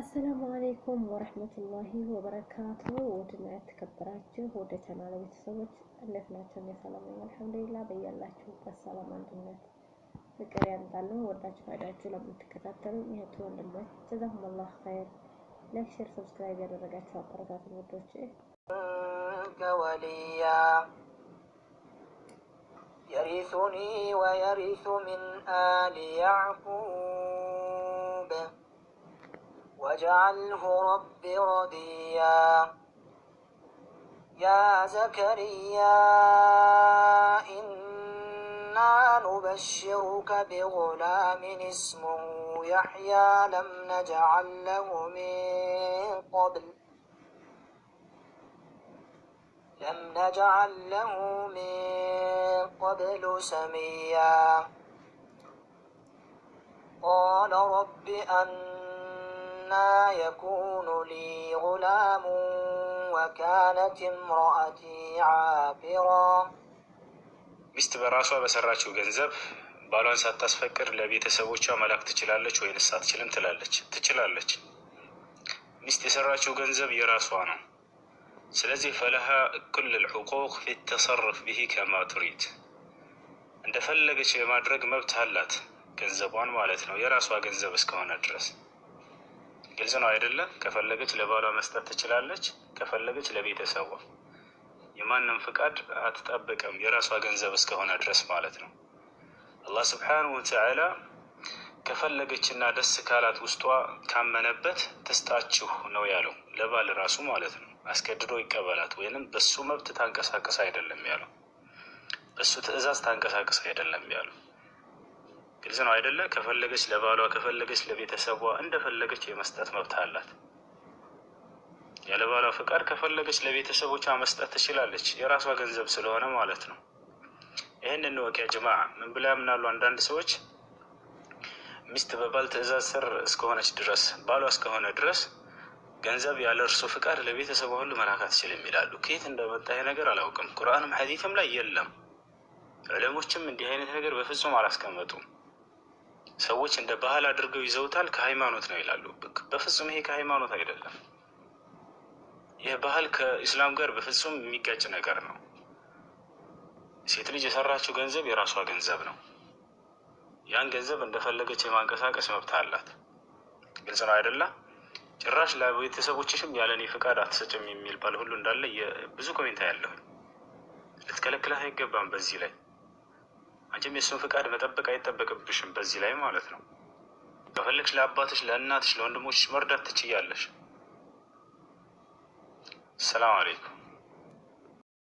አሰላሙ አሌይኩም ወረህመቱላሂ ወበረካቱ። ውድና የተከበራችሁ ወደ ቻናል ቤተሰቦች እንዴት ናቸው? የሰላም ነኝ አልሐምዱሊላህ። በያላችሁበት ሰላም፣ አንድነት፣ ፍቅር ያምጣልን። ወዳችሁ ፋይዳችሁ ለምትከታተሉ ይህቱ ወንድሞች ጀዛኩሙላህ ኸይር። ላይክ፣ ሼር፣ ሰብስክራይብ ያደረጋችሁ አበረታቱ ውዶች። ወልያ የሪሱኒ ወየሪሱ ሚን አሊ ያዕቁብ واجعله رب رديا يا زكريا إنا نبشرك بغلام اسمه يحيى لم نجعل له من قبل لم نجعل له من قبل سميا قال رب أن أنا يكون لي غلام ወካነት እምራአቲ ዓቢራ ሚስት በራሷ በሰራችው ገንዘብ ባሏን ሳታስፈቅድ ለቤተሰቦቿ መላክ ትችላለች ወይንስ አትችልም? ትላለች። ትችላለች። ሚስት የሰራችው ገንዘብ የራሷ ነው። ስለዚህ ፈለሃ እኩል ልዑቁቅ ፊተሰርፍ ብሂ ከማ ቱሪድ እንደፈለገች የማድረግ መብት አላት፣ ገንዘቧን ማለት ነው። የራሷ ገንዘብ እስከሆነ ድረስ ግልጽ ነው አይደለም? ከፈለገች ለባሏ መስጠት ትችላለች፣ ከፈለገች ለቤተሰቧ። የማንም ፍቃድ አትጠብቅም፣ የራሷ ገንዘብ እስከሆነ ድረስ ማለት ነው። አላህ ስብሓነሁ ወተዓላ ከፈለገችና ደስ ካላት ውስጧ ካመነበት ትስጣችሁ ነው ያለው፣ ለባል ራሱ ማለት ነው። አስገድዶ ይቀበላት ወይንም በሱ መብት ታንቀሳቀስ አይደለም ያለው፣ በሱ ትዕዛዝ ታንቀሳቀስ አይደለም ያለው። ግልጽ ነው አይደለ? ከፈለገች ለባሏ ከፈለገች ለቤተሰቧ እንደፈለገች የመስጠት መብት አላት። ያለባሏ ፍቃድ ከፈለገች ለቤተሰቦቿ መስጠት ትችላለች። የራሷ ገንዘብ ስለሆነ ማለት ነው። ይህን እንወቅ ጀማ። ምን ብላ ያምናሉ አንዳንድ ሰዎች ሚስት በባል ትዕዛዝ ስር እስከሆነች ድረስ ባሏ እስከሆነ ድረስ ገንዘብ ያለ እርሱ ፍቃድ ለቤተሰቡ ሁሉ መላክ አትችልም ይላሉ። ከየት እንደመጣ ይሄ ነገር አላውቅም። ቁርአንም ሐዲትም ላይ የለም። ዕለሞችም እንዲህ አይነት ነገር በፍጹም አላስቀመጡም። ሰዎች እንደ ባህል አድርገው ይዘውታል። ከሃይማኖት ነው ይላሉ። በፍጹም ይሄ ከሃይማኖት አይደለም። ይህ ባህል ከኢስላም ጋር በፍጹም የሚጋጭ ነገር ነው። ሴት ልጅ የሰራችው ገንዘብ የራሷ ገንዘብ ነው። ያን ገንዘብ እንደፈለገች የማንቀሳቀስ መብት አላት። ግልጽ ነው አይደለም ጭራሽ ለቤተሰቦችሽም ያለኔ ፍቃድ አትሰጭም የሚል ባል ሁሉ እንዳለ ብዙ ኮሜንታ ያለሁኝ ልትከለክላት አይገባም በዚህ ላይ አንቺም የሱን ፍቃድ መጠበቅ አይጠበቅብሽም። በዚህ ላይ ማለት ነው ከፈለግሽ ለአባትሽ፣ ለእናትሽ፣ ለወንድሞች መርዳት ትችያለሽ። ሰላም አለይኩም።